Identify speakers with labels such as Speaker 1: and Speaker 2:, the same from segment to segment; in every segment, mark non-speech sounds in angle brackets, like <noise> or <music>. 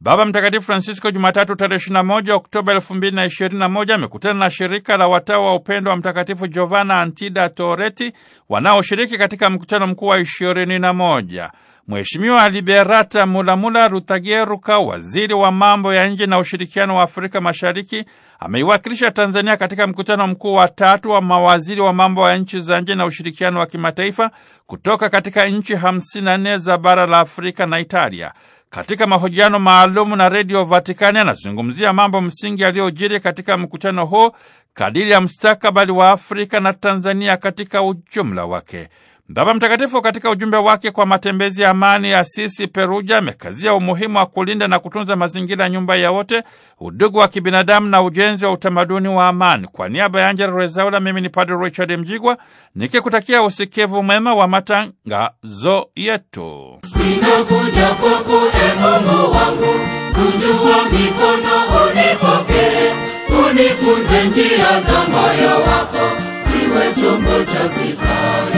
Speaker 1: Baba Mtakatifu Francisco Jumatatu tarehe 21 Oktoba 2021 amekutana na shirika la watawa wa upendo wa Mtakatifu Giovanna Antida Toreti wanaoshiriki katika mkutano mkuu wa 21. Mheshimiwa Liberata Mulamula Rutageruka, waziri wa mambo ya nje na ushirikiano wa Afrika Mashariki, ameiwakilisha Tanzania katika mkutano mkuu wa tatu wa mawaziri wa mambo ya nchi za nje na ushirikiano wa kimataifa kutoka katika nchi 54 za bara la Afrika na Italia. Katika mahojiano maalumu na redio Vatikani anazungumzia mambo msingi yaliyojiri katika mkutano huu kadiri ya mstakabali wa Afrika na Tanzania katika ujumla wake. Baba Mtakatifu katika ujumbe wake kwa matembezi ya amani ya sisi Peruja, amekazia umuhimu wa kulinda na kutunza mazingira, nyumba ya wote, udugu wa kibinadamu na ujenzi wa utamaduni wa amani. Kwa niaba ya Angela Rezaula, mimi ni Padre Richard Mjigwa nikikutakia usikivu mwema wa matangazo yetu. Ninakuja kwako, e Mungu wangu, kunjua mikono unipokee, unifunze njia za moyo
Speaker 2: wako, iwe chombo cha sifa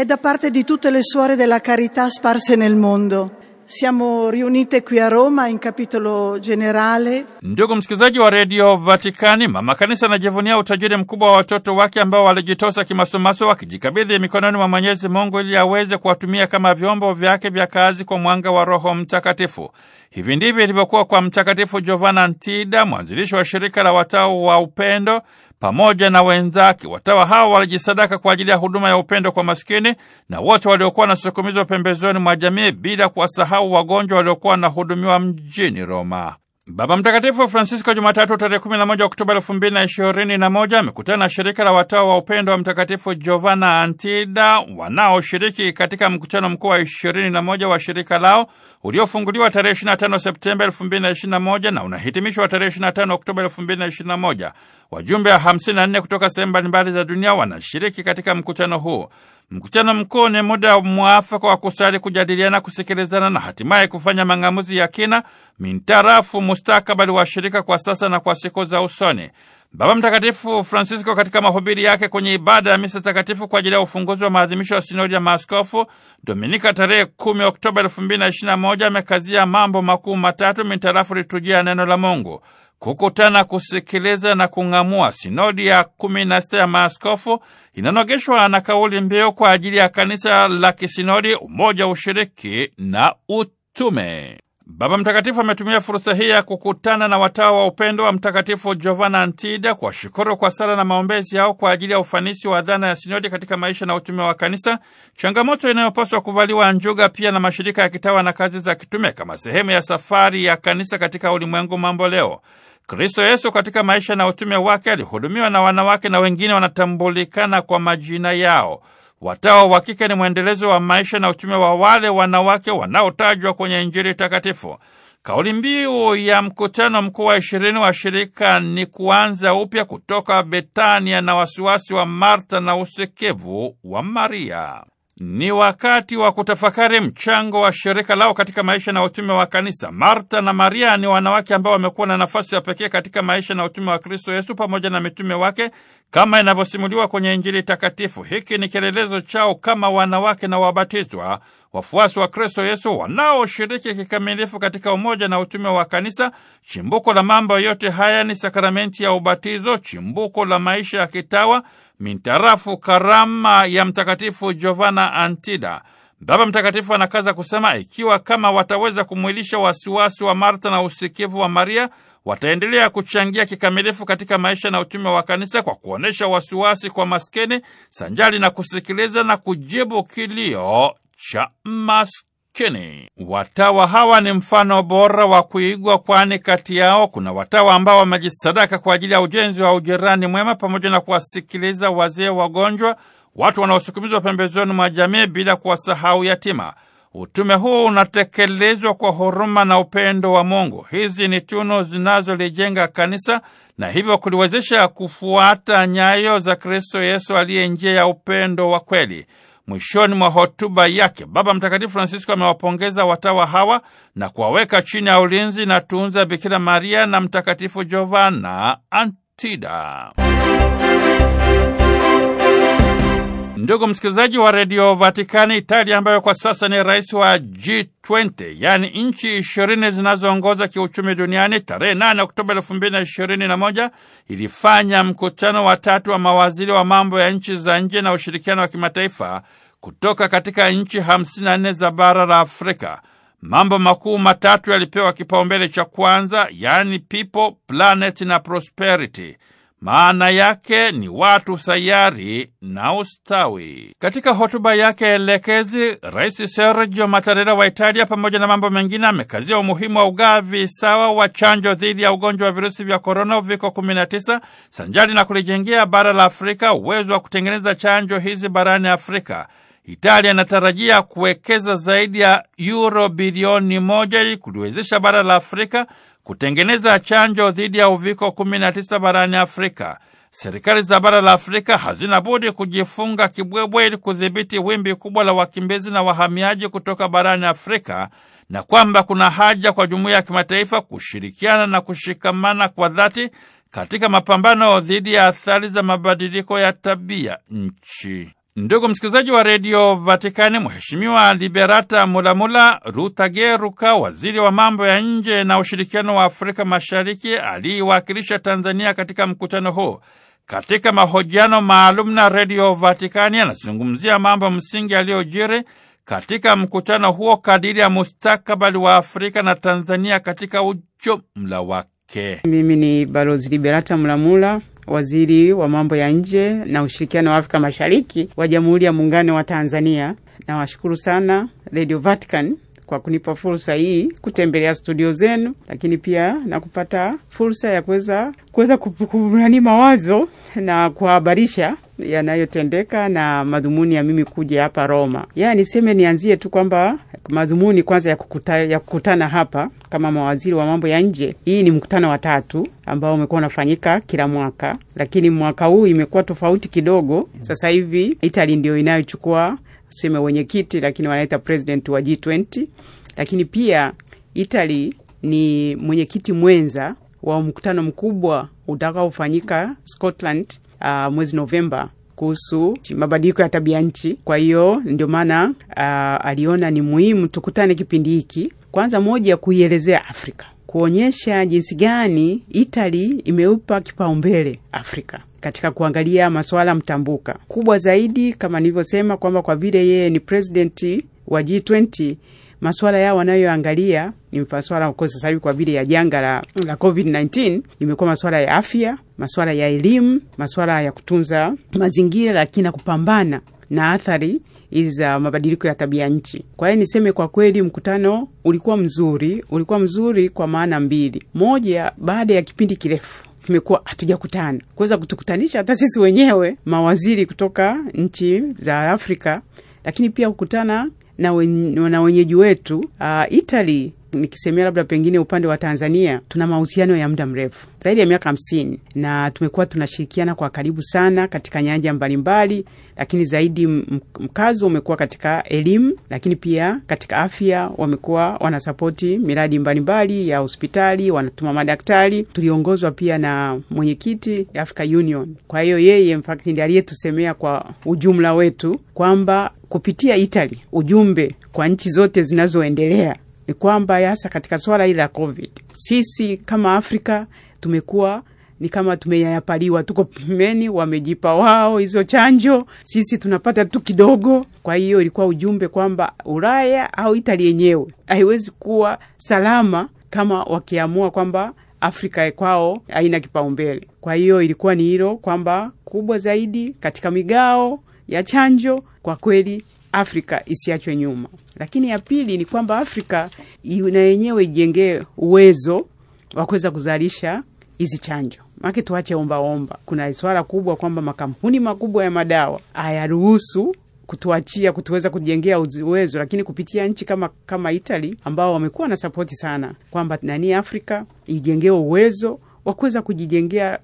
Speaker 2: è da parte di tutte le suore della carità sparse nel mondo. Siamo riunite qui a Roma in capitolo generale.
Speaker 1: Ndugu msikilizaji wa redio vaticani mama kanisa anajivunia utajiri mkubwa wa watoto wake ambao walijitosa kimasomaso wakijikabidhi mikononi mwa Mwenyezi Mungu ili aweze kuwatumia kama vyombo vyake vya kazi kwa mwanga wa Roho Mtakatifu. Hivi ndivyo ilivyokuwa kwa Mtakatifu Giovanna Ntida, mwanzilishi wa shirika la watao wa upendo pamoja na wenzake. Watawa hawa walijisadaka kwa ajili ya huduma ya upendo kwa maskini na wote waliokuwa wanasukumizwa pembezoni mwa jamii, bila kuwasahau wagonjwa waliokuwa wanahudumiwa mjini Roma. Baba Mtakatifu Francisco Jumatatu tarehe 11 Oktoba 2021 amekutana na shirika la watawa wa upendo wa Mtakatifu Giovanna Antida wanaoshiriki katika mkutano mkuu wa 21 wa shirika lao uliofunguliwa tarehe 25 Septemba 2021 na unahitimishwa tarehe 25 Oktoba 2021. Wajumbe wa 54 kutoka sehemu mbalimbali za dunia wanashiriki katika mkutano huu mkutano mkuu ni muda mwafaka wa kusali, kujadiliana, kusikilizana na hatimaye kufanya mang'amuzi ya kina mintarafu mustakabali wa shirika kwa sasa na kwa siku za usoni. Baba Mtakatifu Francisco katika mahubiri yake kwenye ibada ya misa takatifu kwa ajili ya ufunguzi wa maadhimisho ya sinodi ya maaskofu Dominika tarehe 10 Oktoba 2021 amekazia mambo makuu matatu mintarafu liturujia ya neno la Mungu: kukutana, kusikiliza na kung'amua. Sinodi ya 16 ya maaskofu inanogeshwa na kauli mbiu kwa ajili ya kanisa la kisinodi, umoja, ushiriki na utume. Baba Mtakatifu ametumia fursa hii ya kukutana na watawa wa upendo wa Mtakatifu Jovana Antida shukuru kwa sala na maombezi yao kwa ajili ya ufanisi wa dhana ya sinodi katika maisha na utume wa Kanisa, changamoto inayopaswa kuvaliwa njuga pia na mashirika ya kitawa na kazi za kitume kama sehemu ya safari ya Kanisa katika ulimwengu mambo leo. Kristo Yesu katika maisha na utume wake alihudumiwa na wanawake na wengine wanatambulikana kwa majina yao. Watawa wa kike ni mwendelezo wa maisha na utume wa wale wanawake wanaotajwa kwenye Injili takatifu. Kauli mbiu ya mkutano mkuu wa ishirini wa shirika ni kuanza upya kutoka Betania na wasiwasi wa Marta na usikivu wa Maria. Ni wakati wa kutafakari mchango wa shirika lao katika maisha na utume wa kanisa. Marta na Maria ni wanawake ambao wamekuwa na nafasi ya pekee katika maisha na utume wa Kristo Yesu pamoja na mitume wake kama inavyosimuliwa kwenye Injili takatifu. Hiki ni kielelezo chao kama wanawake na wabatizwa, wafuasi wa Kristo Yesu wanaoshiriki kikamilifu katika umoja na utume wa kanisa. Chimbuko la mambo yote haya ni sakramenti ya ubatizo, chimbuko la maisha ya kitawa mintarafu karama ya Mtakatifu Giovanna Antida. Baba Mtakatifu anakaza kusema, ikiwa kama wataweza kumwilisha wasiwasi wa Marta na usikivu wa Maria, wataendelea kuchangia kikamilifu katika maisha na utume wa kanisa kwa kuonyesha wasiwasi kwa maskini, sanjali na kusikiliza na kujibu kilio cha maskini maskini. Watawa hawa ni mfano bora wa kuigwa, kwani kati yao kuna watawa ambao wamejisadaka kwa ajili ya ujenzi wa ujirani mwema pamoja na kuwasikiliza wazee, wagonjwa, watu wanaosukumizwa pembezoni mwa jamii bila kuwasahau yatima. Utume huu unatekelezwa kwa huruma na upendo wa Mungu. Hizi ni tunu zinazolijenga kanisa na hivyo kuliwezesha kufuata nyayo za Kristo Yesu aliye njia ya upendo wa kweli. Mwishoni mwa hotuba yake, Baba Mtakatifu Francisco amewapongeza watawa hawa na kuwaweka chini ya ulinzi na tunza Bikira Maria na Mtakatifu Giovanna Antida. Ndugu msikilizaji wa redio Vatikani, Italia ambayo kwa sasa ni rais wa G20, yaani nchi ishirini zinazoongoza kiuchumi duniani, tarehe 8 Oktoba elfu mbili na ishirini na moja ilifanya mkutano wa tatu wa mawaziri wa mambo ya nchi za nje na ushirikiano wa kimataifa kutoka katika nchi 54 za bara la Afrika. Mambo makuu matatu yalipewa kipaumbele cha kwanza, yaani people, planet na prosperity maana yake ni watu sayari na ustawi. Katika hotuba yake elekezi, Rais Sergio Mattarella wa Italia, pamoja na mambo mengine, amekazia umuhimu wa ugavi sawa wa chanjo dhidi ya ugonjwa wa virusi vya korona uviko 19 sanjari na kulijengea bara la Afrika uwezo wa kutengeneza chanjo hizi barani Afrika. Italia inatarajia kuwekeza zaidi ya euro bilioni moja ili kuliwezesha bara la Afrika kutengeneza chanjo dhidi ya uviko 19 barani Afrika. Serikali za bara la Afrika hazina budi kujifunga kibwebwe ili kudhibiti wimbi kubwa la wakimbizi na wahamiaji kutoka barani Afrika na kwamba kuna haja kwa jumuiya ya kimataifa kushirikiana na kushikamana kwa dhati katika mapambano dhidi ya athari za mabadiliko ya tabia nchi. Ndugu msikilizaji wa redio Vatikani, Mheshimiwa Liberata Mulamula Rutageruka, waziri wa mambo ya nje na ushirikiano wa Afrika Mashariki, aliiwakilisha Tanzania katika mkutano huu. Katika mahojiano maalum na redio Vatikani, anazungumzia mambo msingi yaliyojiri katika mkutano huo kadiri ya mustakabali wa Afrika na Tanzania katika ujumla wake.
Speaker 3: Mimi ni Balozi Liberata Mulamula waziri wa mambo ya nje na ushirikiano wa Afrika Mashariki wa Jamhuri ya Muungano wa Tanzania. Nawashukuru sana Radio Vatican kwa kunipa fursa hii kutembelea studio zenu, lakini pia na kupata fursa ya kuweza kuweza kunani mawazo na kuwahabarisha yanayotendeka na madhumuni ya mimi kuja hapa Roma. Ya niseme nianzie tu kwamba madhumuni kwanza ya, kukuta, ya kukutana hapa kama mawaziri wa mambo ya nje. Hii ni mkutano wa tatu ambao umekuwa unafanyika kila mwaka, lakini mwaka huu imekuwa tofauti kidogo. Sasa hivi Italy ndio inayochukua sema wenyekiti, lakini wanaita president wa G20, lakini pia Italy ni mwenyekiti mwenza wa mkutano mkubwa utakaofanyika Scotland uh, mwezi Novemba kuhusu mabadiliko ya tabia nchi. Kwa hiyo ndio maana uh, aliona ni muhimu tukutane kipindi hiki, kwanza moja kuielezea Afrika, kuonyesha jinsi gani Itali imeupa kipaumbele Afrika katika kuangalia masuala mtambuka kubwa zaidi, kama nilivyosema kwamba kwa vile yeye ni presidenti wa G20 maswala yao wanayoangalia ni maswala ko sasa hivi kwa vile ya janga la, la COVID-19 imekuwa maswala ya afya, maswala ya elimu, maswala ya kutunza mazingira, lakini na kupambana na athari za mabadiliko ya tabia nchi. Kwa hiyo niseme kwa kweli mkutano ulikuwa mzuri, ulikuwa mzuri kwa maana mbili. Moja, baada ya kipindi kirefu tumekuwa hatujakutana kuweza kutukutanisha hata sisi wenyewe mawaziri kutoka nchi za Afrika, lakini pia kukutana na, wenyeji wetu uh, Italy nikisemea labda pengine upande wa Tanzania tuna mahusiano ya muda mrefu zaidi ya miaka hamsini na tumekuwa tunashirikiana kwa karibu sana katika nyanja mbalimbali, lakini zaidi mkazo umekuwa katika elimu, lakini pia katika afya. Wamekuwa wanasapoti miradi mbalimbali ya hospitali, wanatuma madaktari. Tuliongozwa pia na mwenyekiti Africa Union. Kwa hiyo yeye in aliyetusemea kwa ujumla wetu kwamba kupitia Italy ujumbe kwa nchi zote zinazoendelea ni kwamba hasa katika swala hili la COVID, sisi kama Afrika tumekuwa ni kama tumeyayapaliwa, tuko pembeni, wamejipa wao hizo chanjo, sisi tunapata tu kidogo. Kwa hiyo ilikuwa ujumbe kwamba Ulaya au Itali yenyewe haiwezi kuwa salama kama wakiamua kwamba Afrika kwao haina kipaumbele. Kwa hiyo ilikuwa ni hilo kwamba kubwa zaidi katika migao ya chanjo kwa kweli Afrika isiachwe nyuma. Lakini ya pili ni kwamba Afrika na yenyewe ijengee uwezo wa kuweza kuzalisha hizi chanjo, make tuache ombaomba. Kuna swala kubwa kwamba makampuni makubwa ya madawa hayaruhusu kutuachia kutuweza kujengea uwezo, lakini kupitia nchi kama kama Italy ambao wamekuwa na sapoti sana kwamba nani Afrika ijengee uwezo wa kuweza kujijengea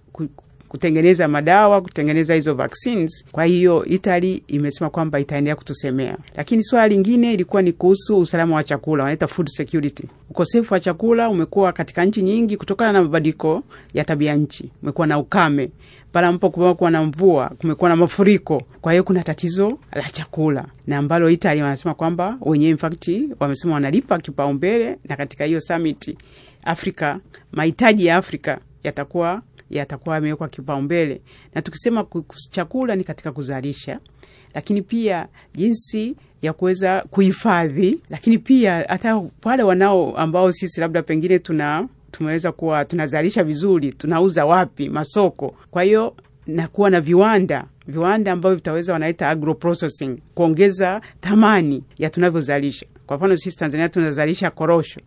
Speaker 3: kutengeneza madawa, kutengeneza hizo vaccines. Kwa hiyo Italy imesema kwamba itaendelea kutusemea, lakini swala lingine ilikuwa ni kuhusu usalama wa chakula, wanaita food security. Ukosefu wa chakula umekuwa katika nchi nyingi kutokana na mabadiliko ya tabia nchi. Umekuwa na ukame pale ambapo kumekuwa na mvua, kumekuwa na mafuriko. Kwa hiyo kuna tatizo la chakula na ambalo Itali wanasema kwamba wenyewe, infakti wamesema wanalipa kipaumbele, na katika hiyo samiti Afrika, mahitaji ya Afrika yatakuwa yatakuwa yamewekwa kipaumbele, na tukisema chakula ni katika kuzalisha, lakini pia jinsi ya kuweza kuhifadhi, lakini pia hata wale wanao ambao sisi labda pengine tuna tumeweza kuwa tunazalisha vizuri, tunauza wapi, masoko. Kwa hiyo na kuwa na viwanda viwanda ambavyo vitaweza wanaita agro kuongeza thamani ya tunavyozalisha. Kwa mfano sisi Tanzania tunazalisha korosho,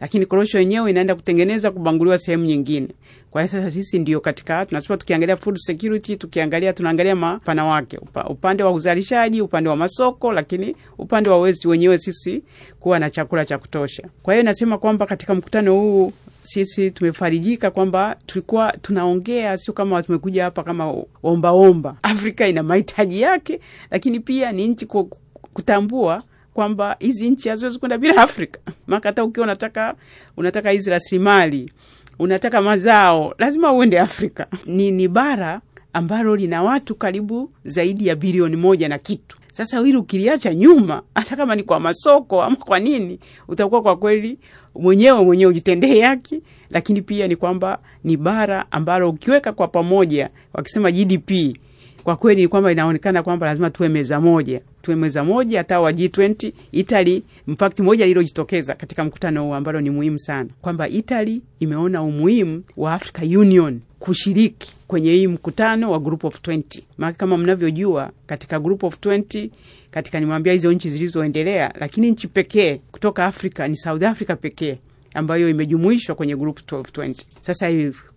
Speaker 3: lakini korosho yenyewe inaenda kutengeneza kubanguliwa sehemu nyingine. Kwa hiyo sasa sisi ndio katika tunasema, tukiangalia food security, tukiangalia tunaangalia mapana wake, upande wa uzalishaji, upande wa masoko, lakini upande wa wezi wenyewe sisi kuwa na chakula cha kutosha. Kwa hiyo nasema kwamba katika mkutano huu sisi tumefarijika kwamba tulikuwa tunaongea, sio kama tumekuja hapa kama ombaomba. Afrika ina mahitaji yake, lakini pia ni nchi kutambua kwamba hizi nchi haziwezi kwenda bila Afrika. Maka hata ukiwa unataka unataka hizi rasilimali, unataka mazao, lazima uende Afrika. Ni, ni bara ambalo lina watu karibu zaidi ya bilioni moja na kitu. Sasa hili ukiliacha nyuma, hata kama ni kwa masoko ama kwa nini, utakuwa kwa kweli mwenyewe mwenyewe ujitendee yake. Lakini pia ni kwamba ni bara ambalo ukiweka kwa pamoja, wakisema GDP, kwa kweli ni kwamba inaonekana kwamba lazima tuwe meza moja meza moja hata wa G20 Italy, mfakti moja lilojitokeza katika mkutano huu ambalo ni muhimu sana kwamba Italy imeona umuhimu wa Africa Union kushiriki kwenye hii mkutano wa Group of 20 maana kama mnavyojua katika Group of 20 katika nimwambia hizo nchi zilizoendelea, lakini nchi pekee kutoka Afrika ni South Africa pekee ambayo imejumuishwa kwenye Group of 20. Sasa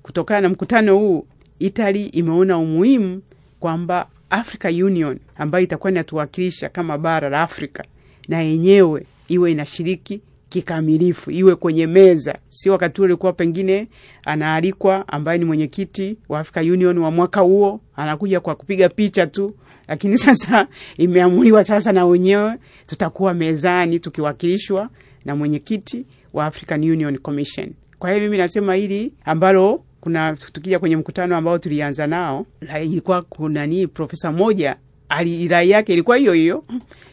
Speaker 3: kutokana na mkutano huu Italy imeona umuhimu kwamba Africa Union ambayo itakuwa inatuwakilisha kama bara la Afrika na yenyewe iwe inashiriki kikamilifu, iwe kwenye meza. Si wakati huo ulikuwa pengine anaalikwa ambaye ni mwenyekiti wa Africa Union wa mwaka huo, anakuja kwa kupiga picha tu, lakini <laughs> sasa imeamuliwa sasa na wenyewe tutakuwa mezani tukiwakilishwa na mwenyekiti wa African Union Commission. Kwa hiyo mimi nasema hili ambalo kuna tukija kwenye mkutano ambao tulianza nao, ilikuwa kuna nini, profesa moja ali rai yake ilikuwa hiyo hiyo,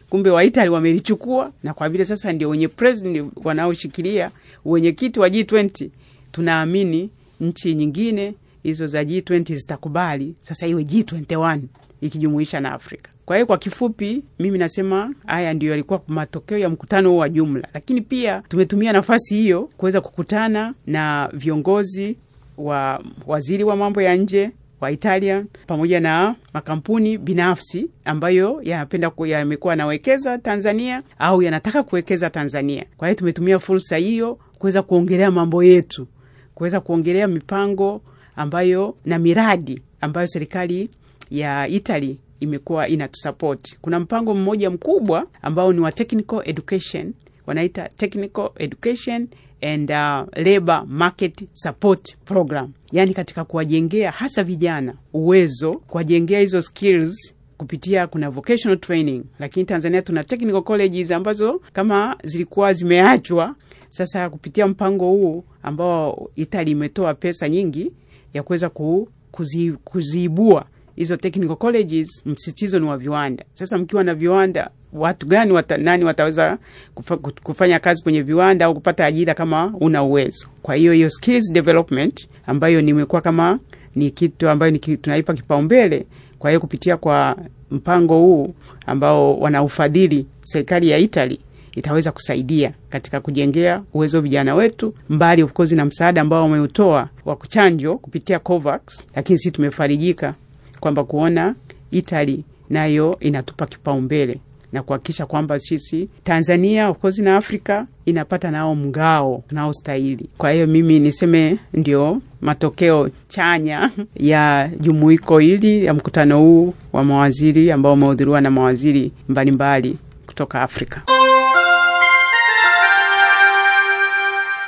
Speaker 3: kumbe Waitali wamelichukua, na kwa vile sasa ndio wenye president wanaoshikilia wenyekiti wa G20, tunaamini nchi nyingine hizo za G20 zitakubali sasa iwe G21 ikijumuisha na Afrika. Kwa hiyo kwa kifupi, mimi nasema haya ndiyo yalikuwa matokeo ya mkutano huu wa jumla, lakini pia tumetumia nafasi hiyo kuweza kukutana na viongozi wa waziri wa mambo ya nje wa Italia pamoja na makampuni binafsi ambayo yanapenda yamekuwa yanawekeza Tanzania au yanataka kuwekeza Tanzania. Kwa hiyo tumetumia fursa hiyo kuweza kuongelea mambo yetu, kuweza kuongelea mipango ambayo na miradi ambayo serikali ya itali imekuwa inatusapoti. Kuna mpango mmoja mkubwa ambao ni wa technical education, wanaita technical education and uh, labor market support program, yaani katika kuwajengea hasa vijana uwezo, kuwajengea hizo skills kupitia kuna vocational training, lakini Tanzania tuna technical colleges ambazo kama zilikuwa zimeachwa. Sasa kupitia mpango huu ambao Itali imetoa pesa nyingi ya kuweza ku, kuzi, kuziibua hizo technical colleges, msitizo ni wa viwanda. Sasa mkiwa na viwanda, watu gani wata, nani wataweza kufa, kufanya kazi kwenye viwanda au kupata ajira kama una uwezo? Kwa hiyo hiyo skills development ambayo nimekuwa kama ni kitu ambayo ni kitu tunaipa kipaumbele. Kwa hiyo kupitia kwa mpango huu ambao wanaufadhili serikali ya Italy itaweza kusaidia katika kujengea uwezo vijana wetu, mbali of course na msaada ambao wameutoa wa kuchanjo kupitia COVAX, lakini sisi tumefarijika kwamba kuona itali nayo inatupa kipaumbele na kuhakikisha kwamba sisi Tanzania of course na Afrika inapata nao mgao unaostahili. Kwa hiyo mimi niseme ndio matokeo chanya <laughs> ya jumuiko hili ya mkutano huu wa mawaziri ambao umehudhuriwa na mawaziri mbalimbali mbali kutoka Afrika.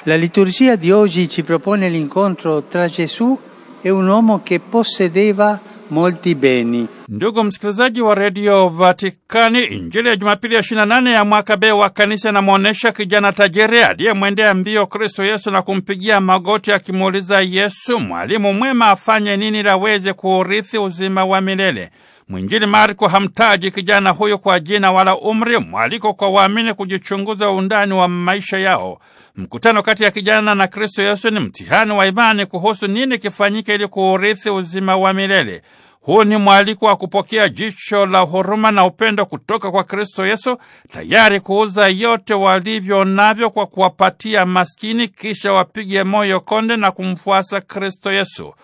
Speaker 1: La liturgia di oggi ci propone l'incontro tra Gesù e un uomo che possedeva molti beni. Ndugu msikilizaji wa redio Vatikani, Injili ya Jumapili ya 28 ya mwaka B wa kanisa inamwonyesha kijana tajiri aliyemwendea mbio Kristo Yesu na kumpigia magoti akimuuliza Yesu, mwalimu mwema, afanye nini laweze kuurithi uzima wa milele? Mwinjili Marko hamtaji kijana huyo kwa jina wala umri, mwaliko kwa waamini kujichunguza undani wa maisha yao. Mkutano kati ya kijana na Kristo Yesu ni mtihani wa imani kuhusu nini kifanyike ili kuurithi uzima wa milele. Huu ni mwaliko wa kupokea jicho la huruma na upendo kutoka kwa Kristo Yesu, tayari kuuza yote walivyo navyo kwa kuwapatia maskini, kisha wapige moyo konde na kumfuasa Kristo Yesu.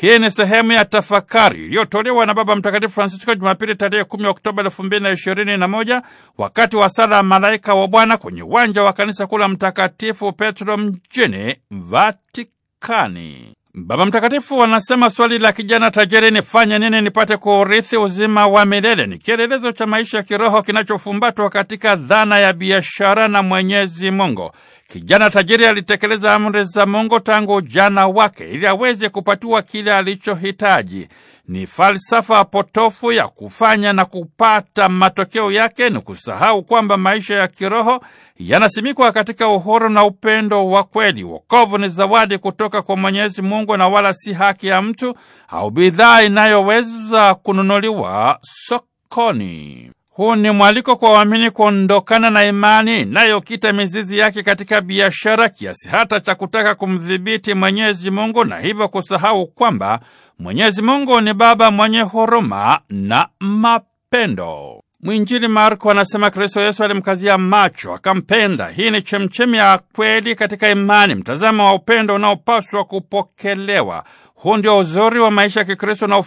Speaker 1: Hii ni sehemu ya tafakari iliyotolewa na Baba Mtakatifu Francisco Jumapili tarehe 10 Oktoba 2021 wakati wa sala ya malaika wa Bwana kwenye uwanja wa kanisa kuu la Mtakatifu Petro mjini Vatikani. Baba Mtakatifu wanasema swali la kijana tajiri, nifanye nini nipate kuurithi uzima wa milele, ni kielelezo cha maisha ya kiroho kinachofumbatwa katika dhana ya biashara na Mwenyezi Mungu. Kijana tajiri alitekeleza amri za Mungu tangu ujana wake ili aweze kupatiwa kile alichohitaji. Ni falsafa potofu ya kufanya na kupata, matokeo yake ni kusahau kwamba maisha ya kiroho yanasimikwa katika uhuru na upendo wa kweli. Wokovu ni zawadi kutoka kwa Mwenyezi Mungu na wala si haki ya mtu au bidhaa inayoweza kununuliwa sokoni. Huu ni mwaliko kwa waamini kuondokana na imani inayokita mizizi yake katika biashara kiasi hata cha kutaka kumdhibiti Mwenyezi Mungu na hivyo kusahau kwamba Mwenyezi Mungu ni Baba mwenye huruma na mapendo. Mwinjili Marko anasema Kristo Yesu alimkazia macho, akampenda. Hii ni chemchemi ya kweli katika imani, mtazamo wa upendo unaopaswa kupokelewa. Huu ndio uzuri wa maisha ya Kikristo na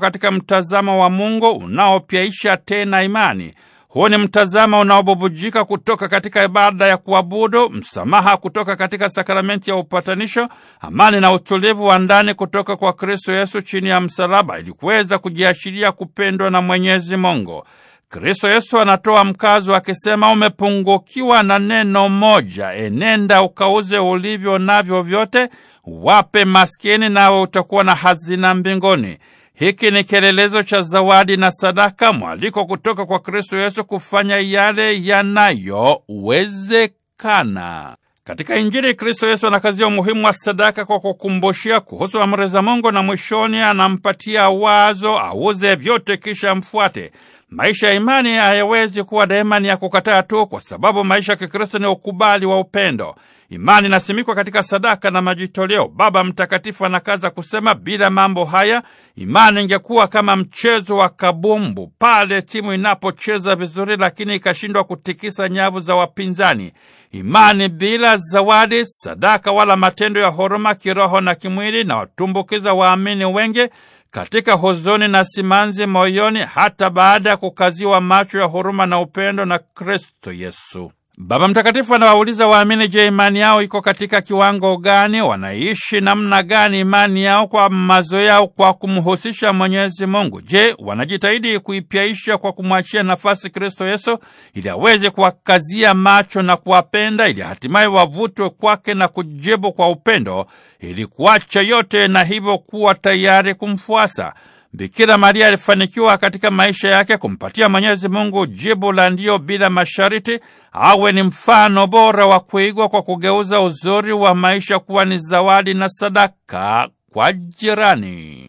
Speaker 1: katika mtazamo wa Mungu unaopyaisha tena imani. Huu ni mtazamo unaobubujika kutoka katika ibada ya kuabudu, msamaha kutoka katika sakramenti ya upatanisho, amani na utulivu wa ndani kutoka kwa Kristo Yesu chini ya msalaba, ili kuweza kujiashiria kupendwa na Mwenyezi Mungu. Kristo Yesu anatoa mkazo akisema, umepungukiwa na neno moja, enenda ukauze ulivyo navyo vyote, wape maskini, nawe utakuwa na hazina mbinguni. Hiki ni kielelezo cha zawadi na sadaka, mwaliko kutoka kwa Kristo Yesu kufanya yale yanayowezekana. Katika Injili, Kristo Yesu anakazia umuhimu wa sadaka kwa kukumbushia kuhusu amri za Mungu, na mwishoni anampatia wazo auze vyote kisha mfuate. Maisha ya imani hayawezi kuwa daima ni ya kukataa tu, kwa sababu maisha ya Kikristo ni ukubali wa upendo. Imani inasimikwa katika sadaka na majitoleo. Baba Mtakatifu anakaza kusema, bila mambo haya imani ingekuwa kama mchezo wa kabumbu, pale timu inapocheza vizuri lakini ikashindwa kutikisa nyavu za wapinzani. Imani bila zawadi, sadaka wala matendo ya huruma kiroho na kimwili na watumbukiza waamini wengi katika huzuni na simanzi moyoni, hata baada ya kukaziwa macho ya huruma na upendo na Kristo Yesu. Baba Mtakatifu anawauliza waamini, je, imani yao iko katika kiwango gani? Wanaishi namna gani imani yao kwa mazo yao kwa kumhusisha Mwenyezi Mungu? Je, wanajitahidi kuipyaisha kwa kumwachia nafasi Kristo Yesu ili aweze kuwakazia macho na kuwapenda ili hatimaye wavutwe kwake na kujibu kwa upendo ili kuacha yote na hivyo kuwa tayari kumfuasa. Bikira Maria alifanikiwa katika maisha yake kumpatia Mwenyezi Mungu jibu la ndio bila masharti, awe ni mfano bora wa kuigwa kwa kugeuza uzuri wa maisha kuwa ni zawadi na sadaka kwa jirani.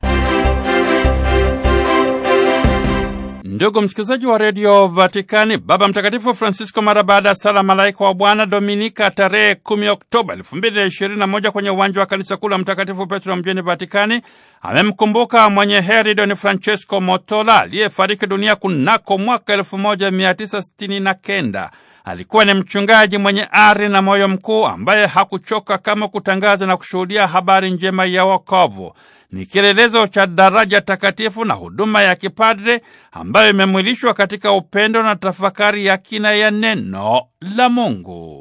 Speaker 1: Ndugu msikilizaji wa redio Vatikani, Baba Mtakatifu Francisco mara baada ya sala malaika wa Bwana Dominika tarehe 10 Oktoba 2021 kwenye uwanja wa kanisa kuu la Mtakatifu Petro mjini Vatikani amemkumbuka mwenye heri Don Francesco Motola aliyefariki dunia kunako mwaka 1969. Alikuwa ni mchungaji mwenye ari na moyo mkuu ambaye hakuchoka kama kutangaza na kushuhudia habari njema ya wokovu ni kielelezo cha daraja takatifu na huduma ya kipadre ambayo imemwilishwa katika upendo na tafakari ya kina ya neno la Mungu.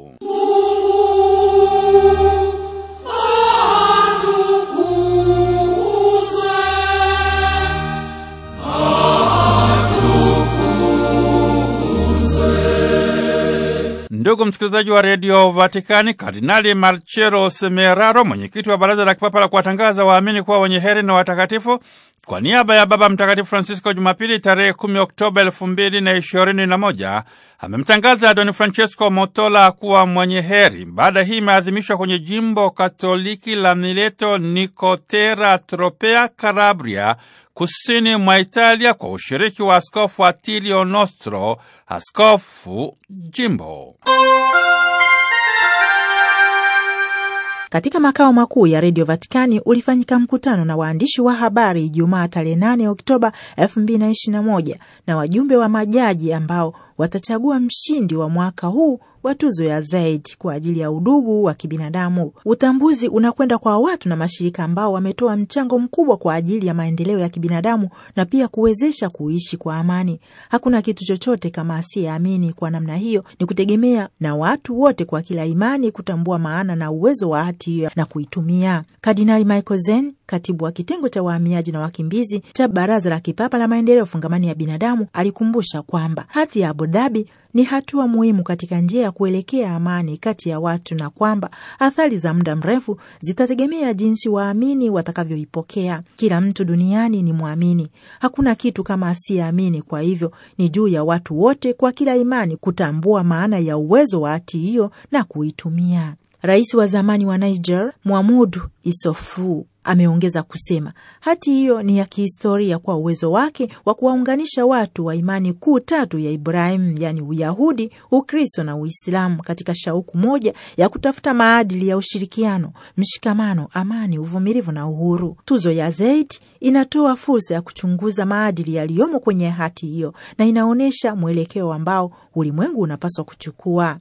Speaker 1: Ndugu msikilizaji wa redio Vatikani, Kardinali Marcello Semeraro, mwenyekiti wa baraza la kipapa la kuwatangaza waamini kuwa wenye heri na watakatifu, kwa niaba ya Baba Mtakatifu Francisco, Jumapili tarehe 10 Oktoba 2021 amemtangaza Don Francesco Motola kuwa mwenye heri. Baada hii imeadhimishwa kwenye jimbo katoliki la Mileto, nicotera Tropea, Calabria kusini mwa Italia kwa ushiriki wa Askofu Atilio Nostro, askofu jimbo.
Speaker 2: Katika makao makuu ya redio Vatikani ulifanyika mkutano na waandishi wa habari Ijumaa tarehe 8 Oktoba 2021 na wajumbe wa majaji ambao watachagua mshindi wa mwaka huu ya Zaid kwa ajili ya udugu wa kibinadamu. Utambuzi unakwenda kwa watu na mashirika ambao wametoa mchango mkubwa kwa ajili ya maendeleo ya kibinadamu na pia kuwezesha kuishi kwa amani. Hakuna kitu chochote kama asiyeamini. Kwa namna hiyo, ni kutegemea na watu wote kwa kila imani kutambua maana na uwezo wa hati hiyo na kuitumia. Kardinali Michael Zen katibu wa kitengo cha wahamiaji na wakimbizi cha Baraza la Kipapa la Maendeleo Fungamani ya Binadamu, alikumbusha kwamba hati ya Abu Dhabi ni hatua muhimu katika njia ya kuelekea amani kati ya watu na kwamba athari za muda mrefu zitategemea jinsi waamini watakavyoipokea. Kila mtu duniani ni mwamini, hakuna kitu kama asiyeamini. Kwa hivyo ni juu ya watu wote kwa kila imani kutambua maana ya uwezo wa hati hiyo na kuitumia. Rais wa zamani wa Niger Muhammadu Isofu Ameongeza kusema hati hiyo ni ya kihistoria kwa uwezo wake wa kuwaunganisha watu wa imani kuu tatu ya ibrahimu yaani Uyahudi, Ukristo na Uislamu, katika shauku moja ya kutafuta maadili ya ushirikiano, mshikamano, amani, uvumilivu na uhuru. Tuzo ya Zaid inatoa fursa ya kuchunguza maadili yaliyomo kwenye hati hiyo na inaonyesha mwelekeo ambao ulimwengu unapaswa kuchukua.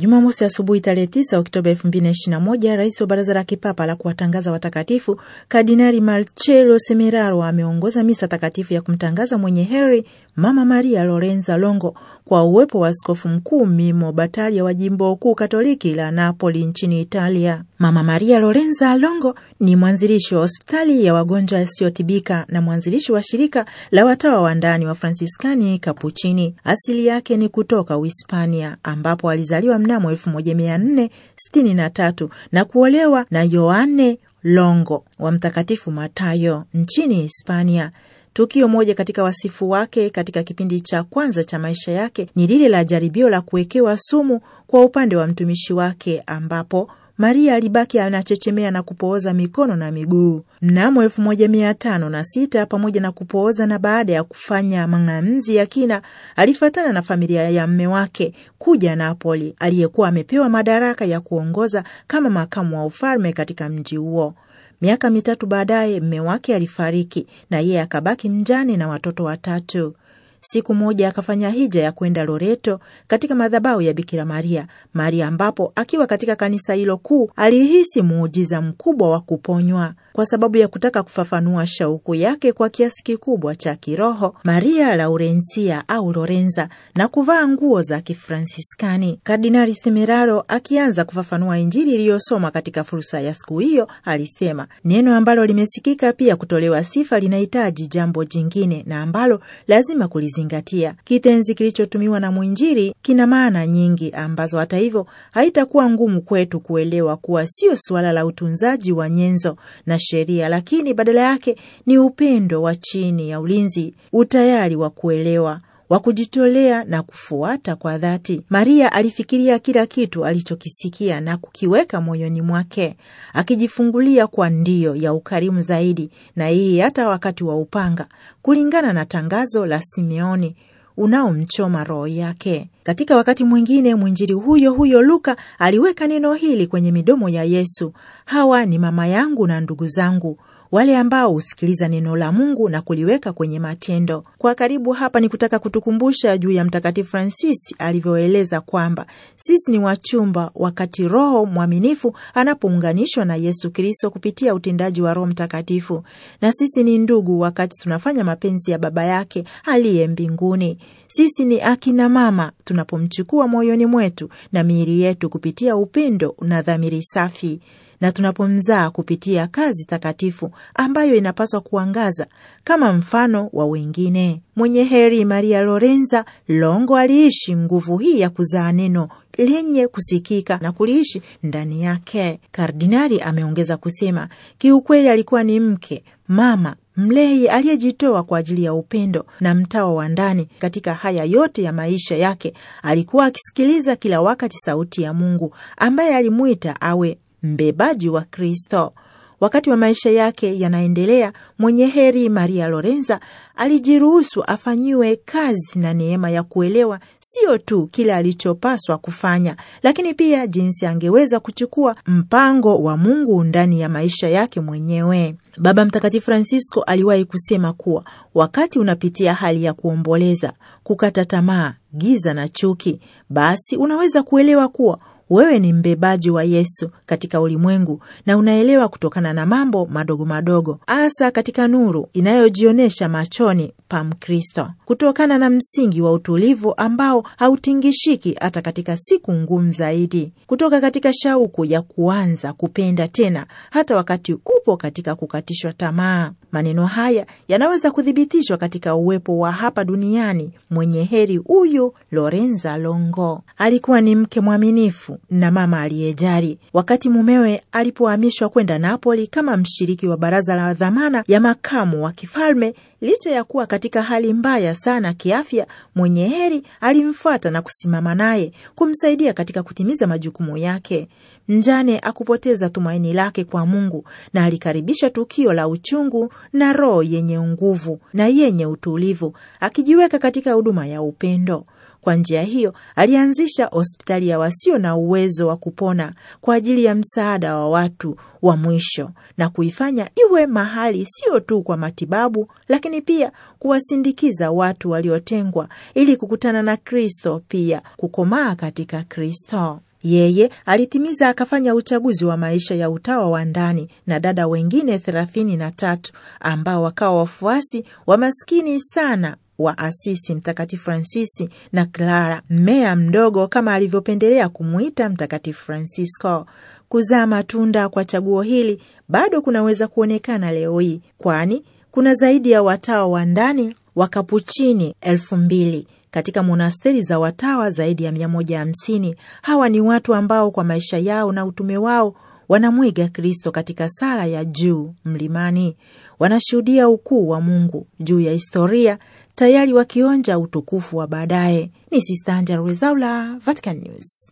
Speaker 2: Jumamosi asubuhi tarehe 9 Oktoba 2021, rais wa baraza la kipapa la kuwatangaza watakatifu Kardinali Marcello Semeraro ameongoza misa takatifu ya kumtangaza mwenye heri Mama Maria Lorenza Longo kwa uwepo wa askofu mkuu Mimo batalia wa jimbo kuu katoliki la Napoli nchini Italia. Mama Maria Lorenza Longo ni mwanzilishi wa hospitali ya wagonjwa yasiyotibika na mwanzilishi wa shirika la watawa wa ndani wa Fransiskani Kapuchini. Asili yake ni kutoka Uhispania, ambapo alizaliwa mnamo 1463 na kuolewa na Yoane Longo wa Mtakatifu Matayo nchini Hispania. Tukio moja katika wasifu wake katika kipindi cha kwanza cha maisha yake ni lile la jaribio la kuwekewa sumu kwa upande wa mtumishi wake, ambapo Maria alibaki anachechemea na kupooza mikono na miguu. Mnamo elfu moja mia tano na sita pamoja na kupooza na baada ya kufanya mang'amzi ya kina, alifuatana na familia ya mme wake kuja Napoli, aliyekuwa amepewa madaraka ya kuongoza kama makamu wa ufalme katika mji huo. Miaka mitatu baadaye mme wake alifariki na yeye akabaki mjane na watoto watatu. Siku moja akafanya hija ya kwenda Loreto katika madhabahu ya Bikira Maria Maria, ambapo akiwa katika kanisa hilo kuu alihisi muujiza mkubwa wa kuponywa kwa sababu ya kutaka kufafanua shauku yake kwa kiasi kikubwa cha kiroho Maria Laurencia au Lorenza na kuvaa nguo za Kifransiskani. Kardinali Semeraro akianza kufafanua Injili iliyosoma katika fursa ya siku hiyo alisema, neno ambalo limesikika pia kutolewa sifa linahitaji jambo jingine na ambalo lazima kulizingatia. Kitenzi kilichotumiwa na mwinjili kina maana nyingi ambazo hata hivyo haitakuwa ngumu kwetu kuelewa kuwa sio suala la utunzaji wa nyenzo na sheria, lakini badala yake ni upendo wa chini ya ulinzi, utayari wa kuelewa wa kujitolea na kufuata kwa dhati. Maria alifikiria kila kitu alichokisikia na kukiweka moyoni mwake, akijifungulia kwa ndio ya ukarimu zaidi, na hii hata wakati wa upanga, kulingana na tangazo la Simeoni unaomchoma roho yake. Katika wakati mwingine mwinjili huyo huyo Luka aliweka neno hili kwenye midomo ya Yesu: hawa ni mama yangu na ndugu zangu wale ambao husikiliza neno la Mungu na kuliweka kwenye matendo. Kwa karibu hapa ni kutaka kutukumbusha juu ya Mtakatifu Francis alivyoeleza kwamba sisi ni wachumba wakati roho mwaminifu anapounganishwa na Yesu Kristo kupitia utendaji wa Roho Mtakatifu, na sisi ni ndugu wakati tunafanya mapenzi ya Baba yake aliye mbinguni. Sisi ni akina mama tunapomchukua moyoni mwetu na miili yetu kupitia upendo na dhamiri safi na tunapomzaa kupitia kazi takatifu ambayo inapaswa kuangaza kama mfano wa wengine. Mwenye heri Maria Lorenza Longo aliishi nguvu hii ya kuzaa neno lenye kusikika na kuliishi ndani yake. Kardinali ameongeza kusema, kiukweli alikuwa ni mke, mama mlei aliyejitoa kwa ajili ya upendo na mtawa wa ndani. Katika haya yote ya maisha yake, alikuwa akisikiliza kila wakati sauti ya Mungu ambaye alimwita awe mbebaji wa Kristo. Wakati wa maisha yake yanaendelea, mwenye heri Maria Lorenza alijiruhusu afanyiwe kazi na neema ya kuelewa sio tu kile alichopaswa kufanya, lakini pia jinsi angeweza kuchukua mpango wa Mungu ndani ya maisha yake mwenyewe. Baba Mtakatifu Francisco aliwahi kusema kuwa wakati unapitia hali ya kuomboleza, kukata tamaa, giza na chuki, basi unaweza kuelewa kuwa wewe ni mbebaji wa Yesu katika ulimwengu na unaelewa kutokana na mambo madogo madogo, hasa katika nuru inayojionyesha machoni pa Mkristo, kutokana na msingi wa utulivu ambao hautingishiki hata katika siku ngumu zaidi, kutoka katika shauku ya kuanza kupenda tena hata wakati upo katika kukatishwa tamaa. Maneno haya yanaweza kuthibitishwa katika uwepo wa hapa duniani mwenye heri huyu Lorenza Longo. Alikuwa ni mke mwaminifu na mama aliyejali. Wakati mumewe alipohamishwa kwenda Napoli kama mshiriki wa baraza la dhamana ya makamu wa kifalme licha ya kuwa katika hali mbaya sana kiafya. Mwenye heri alimfuata na kusimama naye kumsaidia katika kutimiza majukumu yake. Mjane akupoteza tumaini lake kwa Mungu na alikaribisha tukio la uchungu na roho yenye nguvu na yenye utulivu, akijiweka katika huduma ya upendo. Kwa njia hiyo alianzisha hospitali ya wasio na uwezo wa kupona kwa ajili ya msaada wa watu wa mwisho na kuifanya iwe mahali sio tu kwa matibabu, lakini pia kuwasindikiza watu waliotengwa ili kukutana na Kristo, pia kukomaa katika Kristo. Yeye alitimiza akafanya uchaguzi wa maisha ya utawa wa ndani na dada wengine thelathini na tatu ambao wakawa wafuasi wa maskini sana wa Asisi, Mtakatifu Fransisi na Clara, mmea mdogo kama alivyopendelea kumwita Mtakatifu Francisco. Kuzaa matunda kwa chaguo hili bado kunaweza kuonekana leo hii, kwani kuna zaidi ya watawa wa ndani wa Kapuchini elfu mbili katika monasteri za watawa zaidi ya 150. Hawa ni watu ambao kwa maisha yao na utume wao wanamwiga Kristo katika sala ya juu mlimani, wanashuhudia ukuu wa Mungu juu ya historia tayari wakionja utukufu wa baadaye. Ni Sista Angella Rwezaula, Vatican News.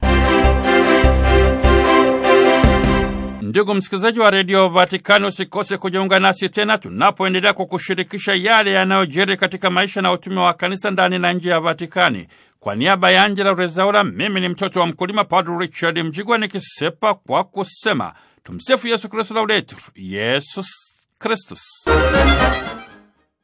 Speaker 1: Ndugu msikilizaji wa redio Vatikani, usikose kujiunga nasi tena tunapoendelea kwa kushirikisha yale yanayojiri katika maisha na utume wa kanisa ndani na nje ya Vatikani. Kwa niaba ya Angela Rezaura, mimi ni mtoto wa mkulima Padre Richard Mjigwa nikisepa kwa kusema tumsifu Yesu Kristu, lauletu Yesus Kristus.